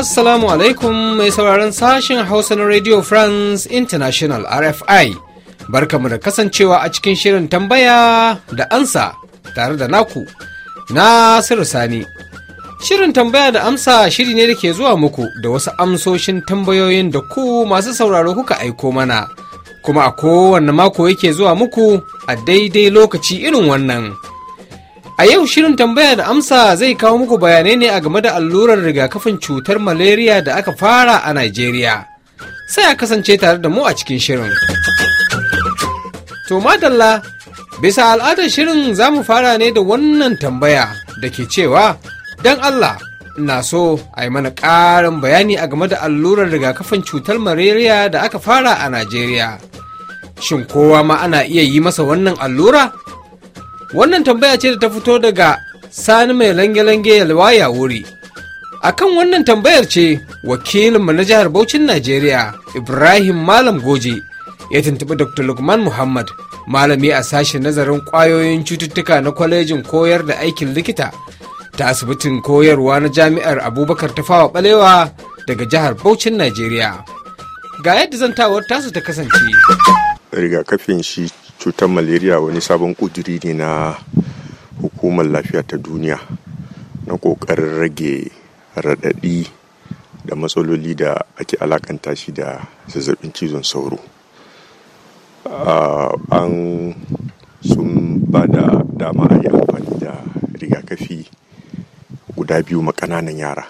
Assalamu alaikum mai sauraron sashen Hausa na Radio France International RFI. Barkamu da kasancewa a cikin shirin tambaya da amsa tare da naku Nasiru Sani. Shirin tambaya da amsa shiri ne da ke zuwa muku da wasu amsoshin tambayoyin da ku masu sauraro kuka aiko mana, kuma a kowane mako yake zuwa muku a daidai lokaci irin wannan. A yau shirin tambaya da amsa zai kawo muku bayanai ne a game da allurar rigakafin cutar malaria da aka fara a Najeriya. Sai a kasance tare da mu a cikin shirin. To madalla, bisa al'adar shirin za mu fara ne da wannan tambaya da ke cewa, don Allah, na so a yi mana ƙarin bayani a game da allurar rigakafin cutar malaria da aka fara a Najeriya. Shin kowa ma ana iya yi masa wannan allura? Wannan tambaya ce da ta fito daga Sani mai lange-lange yalwaya wuri. A kan wannan tambayar ce wakilinmu na jihar Bauchin Najeriya Ibrahim Malam Goje ya tuntuɓi Dr. Lukman Muhammad malami a sashen nazarin ƙwayoyin cututtuka na kwalejin koyar da aikin likita ta asibitin koyarwa na jami'ar abubakar tafawa balewa daga jihar Bauchin Najeriya. Ga yadda zantawar tasu ta kasance. Rigakafin shi cutar malaria wani sabon ƙudiri ne na hukumar lafiya ta duniya na ƙoƙarin rage raɗaɗi da matsaloli da ake alakanta shi da zazzabin cizon sauro an sun ba da dama a yi amfani da rigakafi guda biyu ma yara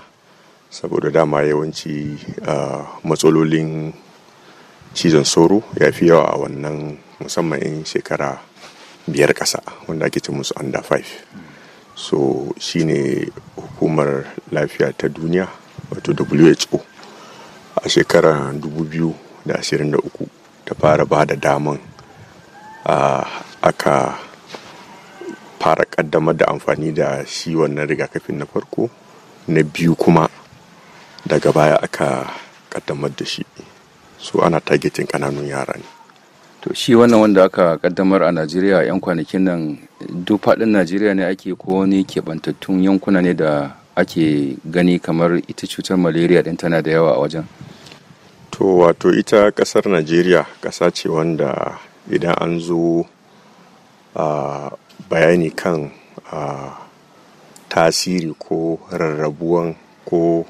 saboda dama yawanci matsalolin cizon sauro ya fi yawa a wannan musamman in shekara biyar ƙasa wanda ake ce musu under 5 so shine hukumar lafiya ta duniya wato who a shekara 2023 ta fara ba da daman aka fara kaddamar da amfani da shi wannan rigakafin na farko na biyu kuma daga baya aka kaddamar da shi so ana targetin kananun yara ne to shi wannan wanda aka kaddamar a najeriya yan kwanakin nan duk faɗin najeriya ne ake ko wani keɓantattun yankuna ne da ake gani kamar ita cutar malaria ɗin tana da yawa a wajen to wato ita ƙasar najeriya ƙasa ce wanda idan an zo a bayani kan a tasiri ko rarrabuwan ko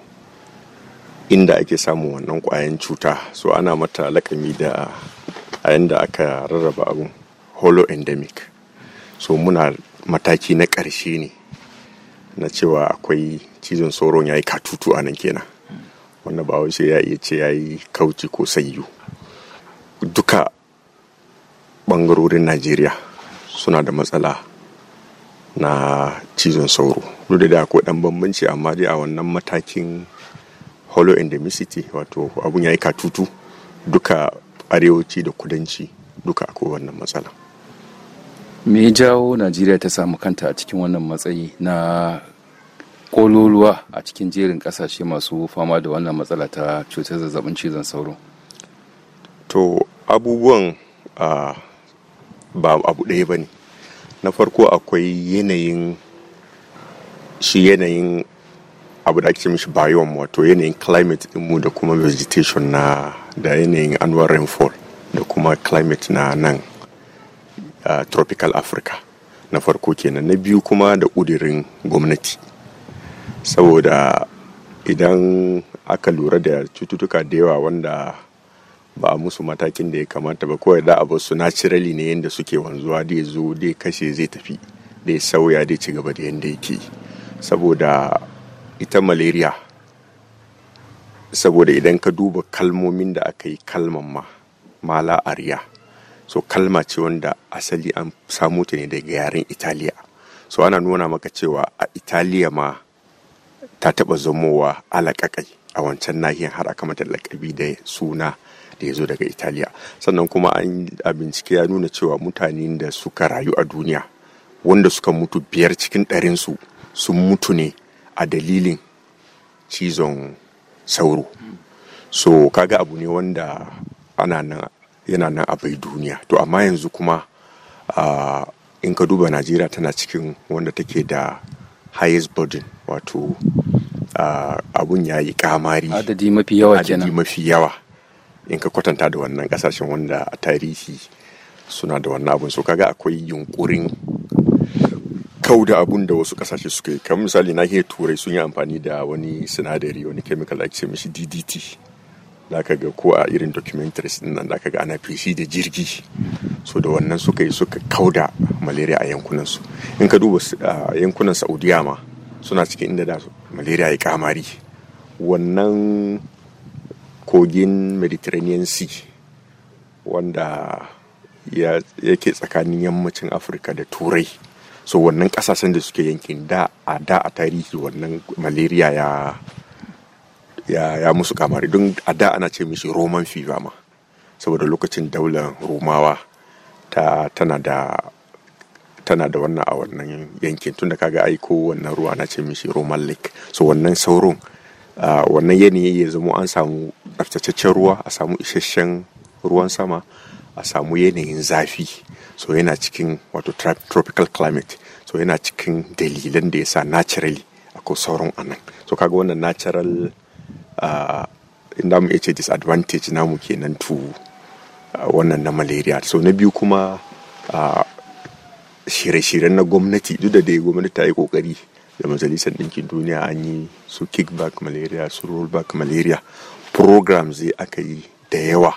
inda ake samun wannan ƙwayan cuta so ana mata lakami da yayin da aka rarraba abin holo endemic so muna mataki na ƙarshe ne na cewa akwai cizon sauron ya yi katutu a nan kenan wanda ba ya iya ce ya yi kauci ko sayu duka ɓangarorin najeriya suna da matsala na cizon sauro duk da akwai ɗan bambanci amma dai a wannan matakin holo endemicity wato abun ya yi katutu duka arewaci da kudanci duka akwai wannan matsala me jawo najeriya ta samu kanta a cikin wannan matsayi na kololuwa a cikin jerin kasashe masu fama da wannan matsala ta cutar zazzabin cizon sauro to abubuwan ba abu ɗaya ba ne na farko akwai yanayin shi yanayin abu da ake mishi biome wato yanayin climate mu, da kuma vegetation na da yanayin annual rainfall da kuma climate na nan a tropical africa na farko kenan na biyu kuma da ƙudirin gwamnati saboda idan aka lura da cututtuka da yawa wanda ba a musu matakin da ya kamata ba kawai da abu su naturally ne yadda suke wanzuwa dai zo dai kashe zai tafi dai sauya dai ci gaba da yadda yake saboda ita malaria saboda idan ka duba kalmomin da aka yi kalman ma mala ariya so kalma ce wanda asali an samu ta ne daga yaren italiya so ana nuna maka cewa a italiya ma ta taba zamowa alaƙaƙai a wancan nahiyar har aka mata lakabi da suna da ya zo daga italiya sannan kuma an a bincike ya nuna cewa mutanen da suka rayu a duniya wanda suka mutu biyar cikin ɗarinsu sun mutu ne a dalilin cizon sauro so kaga abu ne wanda ana nan yana nan a bai duniya to amma yanzu kuma in ka duba najeriya tana cikin wanda take da highest burden wato abun ya yi kamari adadi mafi yawa adadi mafi yawa in ka kwatanta da wannan kasashen wanda a tarihi suna da wannan abun so kaga akwai yunkurin kau da abun da wasu kasashe suka yi kamar misali na hiyar turai sun yi amfani da wani sinadari wani chemical ake ce mishi ddt aka ga ko a irin documentaries din nan aka ga ana feshi da jirgi so da wannan suka yi suka kauda malaria a yankunan su in ka duba a yankunan saudiya ma suna cikin inda da malaria ya kamari wannan kogin mediterranean sea wanda yake tsakanin yammacin afirka da turai so wannan kasashen da suke yankin da a da a tarihi wannan malaria ya ya, ya musu kamari don a da ana ce mishi roman fever ma saboda lokacin daular romawa ta tana da tana da wannan a wannan yankin tunda kaga ai ko wannan ruwa na ce mishi roman lake so wannan sauron wannan yanayi ya zama an samu tsaftataccen ruwa a samu isasshen ruwan sama a samu yanayin zafi so yana cikin wato tropical climate so yana cikin dalilan da ya sa naturally akwai sauran anan so kaga wannan natural uh, inda mu ce disadvantage namu kenan tu uh, ah, wannan na malaria so na biyu kuma uh, shirye-shiryen na gwamnati duk da dai gwamnati ta yi kokari da majalisar ɗinkin duniya an yi su kickback malaria su rollback malaria programs zai aka yi da yawa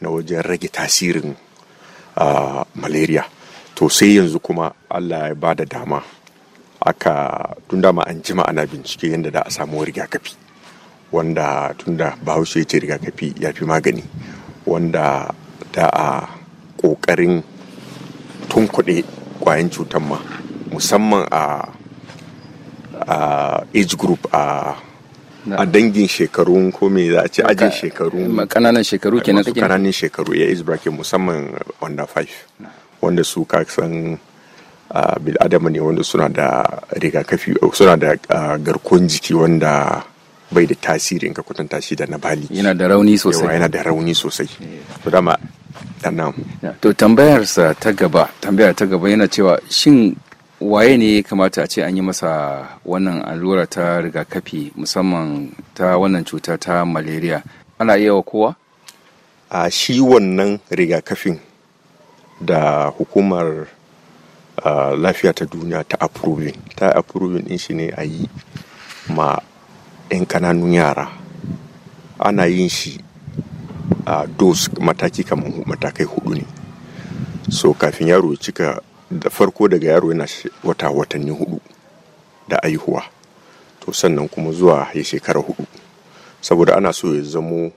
na wajen rage tasirin uh, malaria to sai yanzu kuma allah ya ba da dama aka tun dama an jima ana bincike yadda da a samu rigakafi wanda tun da bahaushe ce rigakafi ya fi magani wanda da a ƙoƙarin tunkuɗe ƙwayan cutan ma musamman a age group a a dangin shekaru ko me za a ce ajin shekaru kananan shekaru kenan kake kananan shekaru ya is bracket musamman uh, under 5 wanda su ka san uh, bil adama ne wanda suna da rigakafi uh, suna da garkon jiki wanda bai da tasirin ka kwatanta shi da na bali yana da rauni sosai yana da rauni sosai to dama to sa ta gaba tambaya ta gaba yana cewa shin waye ne ya kamata a ce an yi masa wannan allura ta rigakafi musamman ta wannan cuta ta malaria ana iya wa kowa a shi wannan rigakafin da hukumar uh, lafiya ta duniya ta approving ta approving din shi ne a yi ma 'yan kananun yara ana yin shi a dos mataki kamar matakai hudu ne so kafin yaro cika da farko daga yaro yana wata watanni hudu da aihuwa to sannan kuma zuwa ya shekara hudu saboda ana so ya zamo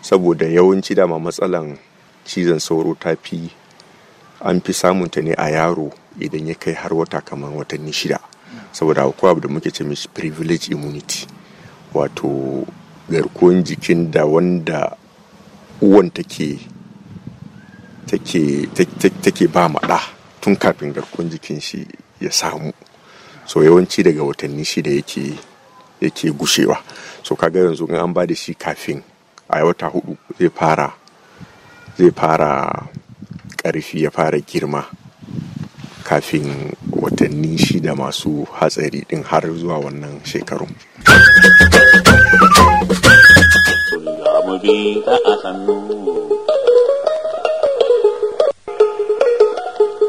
saboda yawanci dama matsalan cizon sauro ta fi an fi samunta ne a yaro idan ya kai har wata kamar watanni shida saboda akwai abu da muke ce mishi privilege immunity wato garkuwan jikin da wanda uwan take take ba maɗa tun kafin garkuwar jikin shi ya samu so yawanci daga watanni shida yake yake gushewa so ga yanzu in an ba da shi kafin a wata hudu zai fara zai fara karfi ya fara girma kafin watanni shida masu hatsari din har zuwa wannan shekarun a hannu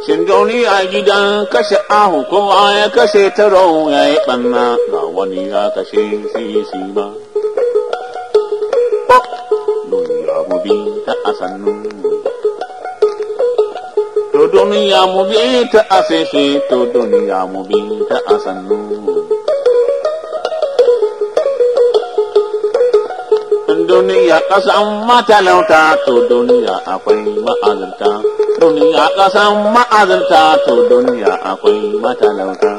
Shin gauni a gidan kashe ahu kowa ya kashe ta taro ya yi ɓanna ga wani ya kashe shi ba. Duniya mubi ta a sannu. To duniya mubi ta a sese, to duniya mubi ta a sannu. Duniya ƙasan matalauta, to duniya akwai ma'azarta. duniya ƙasan ma'azarta to duniya akwai matalauta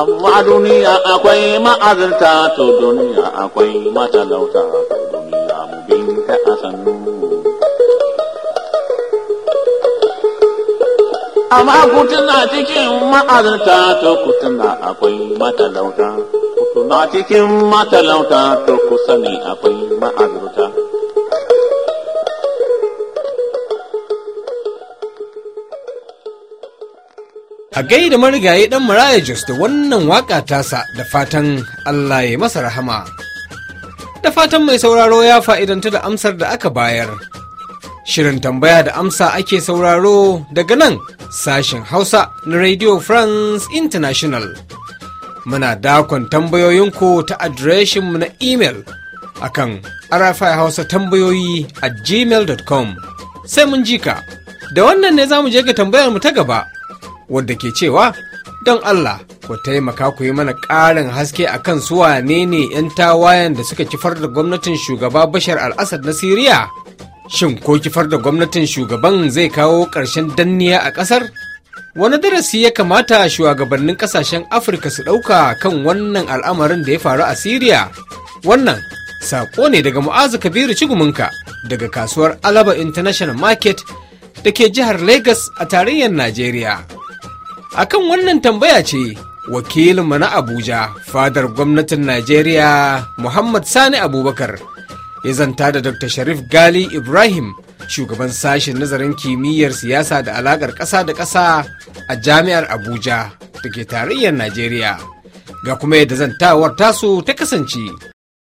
amma duniya akwai ma'azarta to duniya akwai matalauta to duniya mu binta a sannu amma kutuna cikin ma'azarta to kutuna akwai matalauta Tuna cikin matalauta to ku sani akwai ma'azurta a gaida marigayi ɗan maraya Jos da wannan waƙa tasa da fatan Allah ya masa rahama. Da fatan mai sauraro ya fa'idanta da amsar da aka bayar. Shirin tambaya da amsa ake sauraro daga nan sashen Hausa na Radio France International. muna dakon tambayoyinku ta adireshinmu na imel akan arafi hausa tambayoyi a gmail.com sai mun ka, da wannan ne za mu je ga tambayar mu ta gaba wadda ke cewa don allah ku taimaka ku yi mana ƙarin haske akan su wane ne 'yan tawayen da suka kifar da gwamnatin shugaba bashar al na siriya shin ko kifar da gwamnatin shugaban zai kawo ƙarshen danniya a ƙasar wani darasi ya kamata shugabannin kasashen afirka su ɗauka kan wannan al'amarin da ya faru a siriya wannan saƙo ne daga mu'azu kabiru cigumunka daga kasuwar alaba international market da ke jihar lagos a tarayyar najeriya A kan wannan tambaya ce wakilinmu na abuja fadar gwamnatin najeriya muhammad sani abubakar ya zanta da dr sharif gali ibrahim shugaban sashen nazarin kimiyyar siyasa da alakar ƙasa da ƙasa a jami'ar Abuja da ke tarayyar Najeriya. Ga kuma yadda zantawar tasu ta kasance.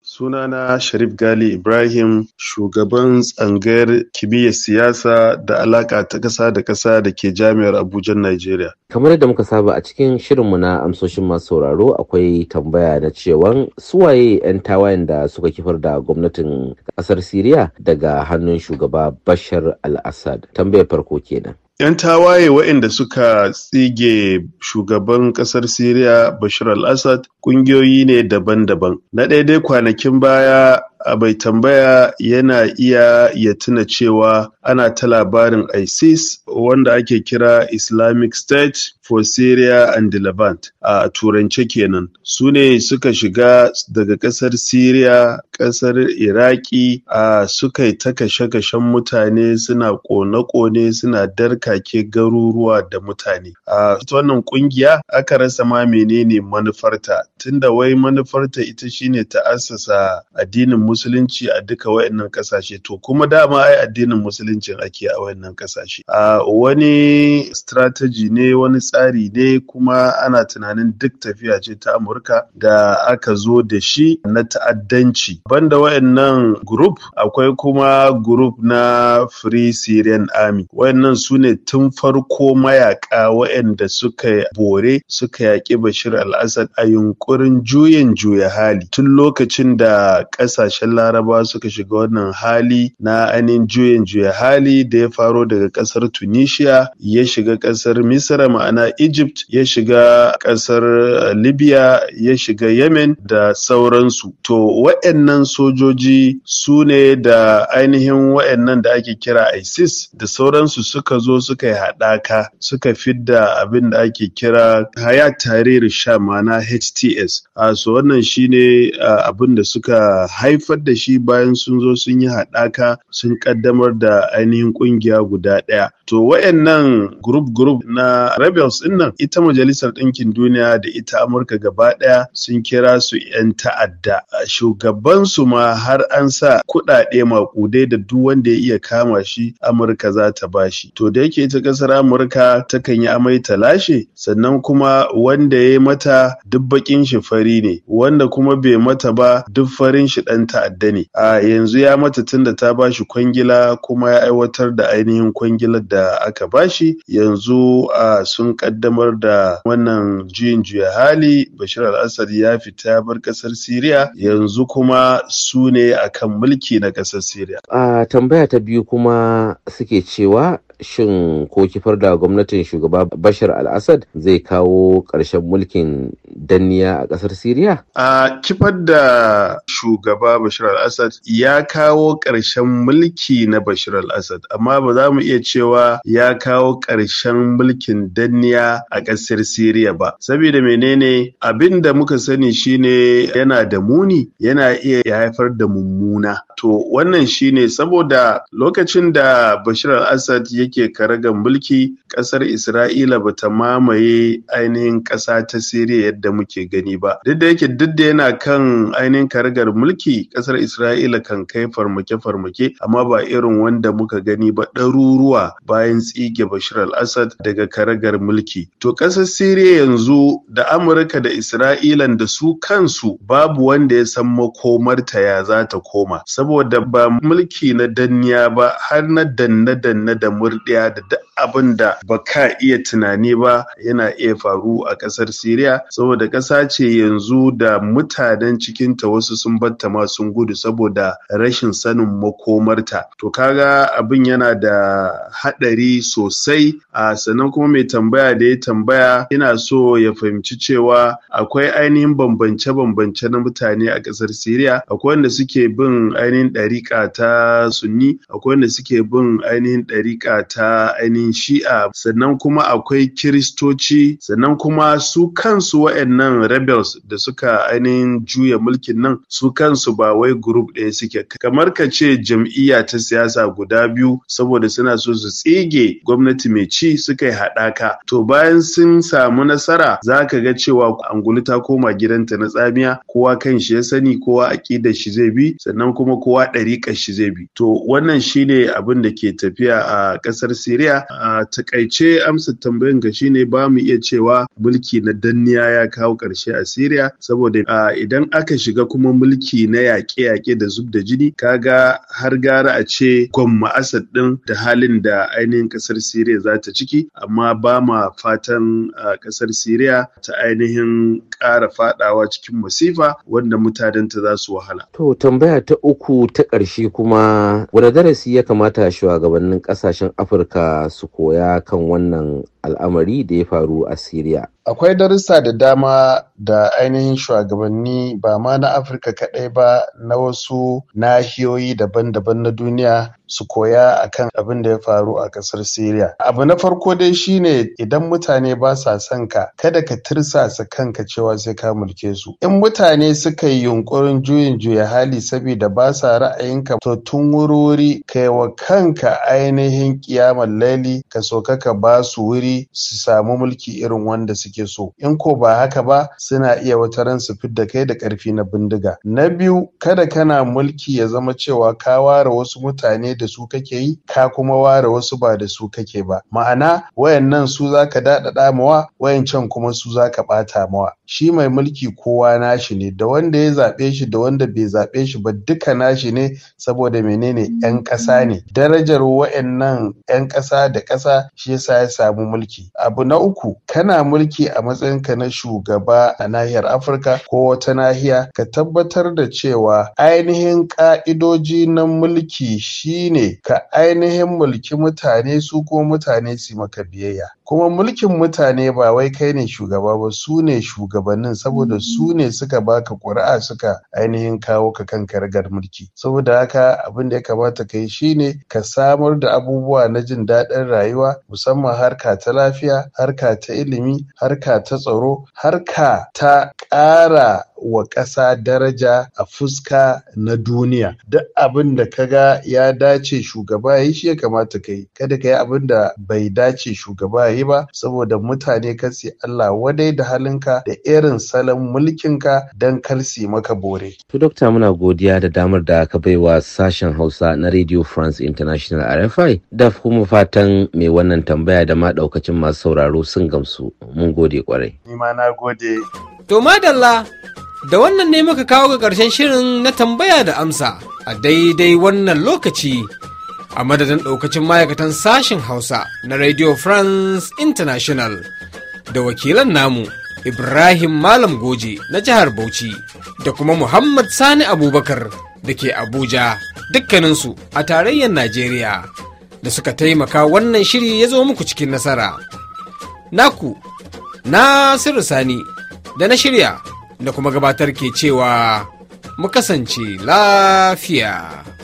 Sunana Sharif Gali Ibrahim, shugaban tsangayar kimiyyar siyasa da alaka ta kasa da kasa da ke jami'ar Abuja, Najeriya. Kamar da muka saba a cikin shirinmu na amsoshin masu sauraro akwai tambaya na cewan suwaye 'yan tawayen da suka kifar da gwamnatin ƙasar Siriya daga hannun shugaba Bashar al-Assad. Tambayar farko kenan. 'Yan tawaye waɗanda suka tsige shugaban ƙasar Siriya Bashar al-Assad ƙungiyoyi ne daban-daban. Na daidai kwanakin baya A bai tambaya yana iya ya tuna cewa ana ta labarin isis wanda ake kira islamic state for syria and the levant a turance kenan su ne suka shiga daga kasar syria kasar iraki a suka yi ta kashe-kashen mutane suna kone-kone suna darkake garuruwa da mutane a wannan kungiya aka rasa ma menene manufarta tunda wai manufarta ita shine ta assasa addinin musulunci a duka wayannan kasashe to kuma dama ai addinin musuluncin ake a wayannan kasashe a wani strategy ne wani tsari ne kuma ana tunanin duk tafiya ce ta amurka da aka zo da shi na ta'addanci banda wayannan group akwai kuma group na free syrian army wayannan su ne tun farko mayaka wayanda suka bore suka yaƙi bashir al-assad a yunkurin juyin juya hali tun lokacin da ƙasashe ƙasashen Larabawa suka shiga wannan hali na ainihin juyin juya hali da ya faro daga ƙasar Tunisia ya shiga ƙasar Misra ma'ana Egypt ya shiga ƙasar eh, Libya ya shiga Yemen da sauransu. To wa'annan sojoji su ne da ainihin wa'annan da ake kira ISIS da sauransu suka zo suka yi haɗaka suka fidda abin da ake kira Hayat da sha ma'ana HTS. A ah, so wannan shine ah, abin da suka haifa haifar da shi bayan sun zo sun yi haɗaka sun ƙaddamar da ainihin ƙungiya guda ɗaya. To wayannan group group na rebels ɗin nan ita majalisar ɗinkin duniya da ita Amurka gaba ɗaya sun kira su 'yan ta'adda. Shugaban su ma har an sa kuɗaɗe maƙudai da duk wanda ya iya kama shi Amurka za ta ba shi. To da yake ita ƙasar Amurka takan yi amai ta lashe sannan kuma wanda ya yi mata duk baƙin shi fari ne wanda kuma bai mata ba duk farin shi ɗan ta ta'adda ne a yanzu ya mata tunda ta bashi kwangila kuma ya aiwatar da ainihin kwangilar da aka ba shi. yanzu a sun kaddamar da wannan juyin juya hali bashir al-assad ya fita bar kasar siriya yanzu kuma su ne akan mulki na kasar siriya a tambaya ta biyu kuma suke cewa shin ko kifar da gwamnatin shugaba bashar al-assad zai kawo ƙarshen mulkin danniya a ƙasar siriya a kifar da shugaba bashar al-assad ya kawo ƙarshen mulki na bashar al-assad amma ba za mu iya cewa ya kawo ƙarshen mulkin danniya a ƙasar siriya ba saboda menene abin da muka sani shine yana da muni yana iya haifar da mummuna to wannan shine saboda lokacin da bashir al-assad ya rike karagar mulki kasar isra'ila ba ta mamaye ainihin ƙasa ta siriya yadda muke gani ba duk da yake duk da yana kan ainihin karagar mulki kasar isra'ila kan kai farmake-farmake amma ba irin wanda muka gani ba ɗaruruwa bayan tsige bashir al-assad daga karagar mulki to ƙasar siriya yanzu da amurka da isra'ilan da su kansu babu wanda ya san makomarta ya za ta koma saboda ba mulki na danniya ba har na danne-danne da murna ɗaya da duk abin da ba ka iya tunani ba yana iya faru a ƙasar Siriya saboda ƙasa ce yanzu da mutanen cikinta wasu sun batta ma sun gudu saboda rashin sanin makomarta. To kaga abin yana da haɗari sosai a sannan kuma mai tambaya da ya tambaya yana so ya fahimci cewa akwai ainihin bambance-bambance na mutane a ƙasar Siriya akwai wanda suke bin ainihin ɗariƙa ta sunni akwai wanda suke bin ainihin ɗariƙa ta ainihin shi'a sannan kuma akwai kiristoci sannan kuma su kansu wa'annan rebels da suka ainihin juya mulkin nan su kansu ba wai group ɗaya suke kamar ka ce jam'iyya ta siyasa guda biyu saboda suna so su tsige gwamnati mai ci suka yi haɗaka to bayan sun samu nasara za ka ga cewa angulu ta koma gidanta na tsamiya kowa kan shi ya sani kowa aƙidar shi zai bi sannan kuma kowa ɗariƙar shi zai bi to wannan shine abin da ke tafiya a ƙasar kasar Siriya. A takaice amsar tambayin ga shine ba mu iya cewa mulki na danniya ya kawo ƙarshe a Siriya saboda idan aka shiga kuma mulki na yaƙe-yaƙe da zub da jini kaga har gara a ce gwamma Asad ɗin da halin da ainihin ƙasar Siriya za ta ciki amma ba ma fatan ƙasar Siriya ta ainihin ƙara fadawa cikin masifa wanda mutanenta za su wahala. To tambaya ta uku ta ƙarshe kuma wani darasi ya kamata shugabannin ƙasashen afirka su koya kan wannan al'amari da ya faru a Siriya. Akwai darussa da dama da ainihin shugabanni ba ma na Afirka kaɗai ba na wasu nahiyoyi daban-daban na duniya su koya akan abin da ya faru a ƙasar Siriya. Abu na farko dai shine idan mutane ba sa son ka kada ka tirsasa ka cewa sai ka mulke su. In mutane suka yi yunkurin juyin juya hali saboda ba sa ra'ayinka to tun wuri-wuri wa kanka ainihin kiyamar laili ka so ka ba su wuri su samu mulki irin wanda suke so in ko ba haka ba suna iya wata ran su fidda kai da ƙarfi na bindiga na biyu kada kana mulki ya zama cewa ka ware wasu mutane da su kake yi ka kuma ware wasu ba da su kake ba ma'ana wayannan su zaka daɗaɗa mawa wayancan kuma su zaka ɓata mawa shi mai mulki kowa nashi ne da wanda ya zaɓe shi da wanda bai zaɓe shi ba duka nashi ne saboda menene 'yan ƙasa ne darajar wayannan 'yan ƙasa da ƙasa shi yasa ya samu mulki mulki abu na uku kana mulki a matsayinka na shugaba a nahiyar afirka ko wata nahiya ka tabbatar da cewa ainihin ka'idoji na mulki shine ka ainihin mulki mutane su ko mutane su maka biyayya kuma mulkin mutane ba wai kai ne shugaba ba su ne shugabannin saboda mm. su ne suka baka ƙuri'a suka ainihin kawo ka kanka ragar mulki saboda haka abin da ya kamata kai shine ka samar da abubuwa na jin daɗin rayuwa musamman harka ta ta lafiya harka ta ilimi harka ta tsaro harka ta ƙara wa ƙasa daraja a fuska na duniya duk abin da ka ga ya dace shugaba ya yi shi ya kamata ka yi kada ka yi abin da bai dace shugaba ya yi ba saboda mutane ka sai Allah wadai da halinka da irin salon mulkinka don kar maka bore. To dokta muna godiya da damar da aka wa sashen Hausa na Radio France International RFI da kuma fatan mai wannan tambaya da ma daukacin masu sauraro sun gamsu mun gode kwarai. Ni ma na gode. To madalla Da wannan ne muka kawo ga ƙarshen shirin na tambaya da amsa a daidai wannan lokaci a madadin ɗaukacin ma'aikatan sashen Hausa na Radio France International da wakilan namu Ibrahim Malam Goje na jihar Bauchi da kuma Muhammad Sani Abubakar da ke Abuja dukkaninsu a tarayyar Najeriya da suka taimaka wannan shiri ya zo muku cikin nasara. Naku, Nasiru Sani da na shirya da kuma gabatar ke cewa mu kasance lafiya.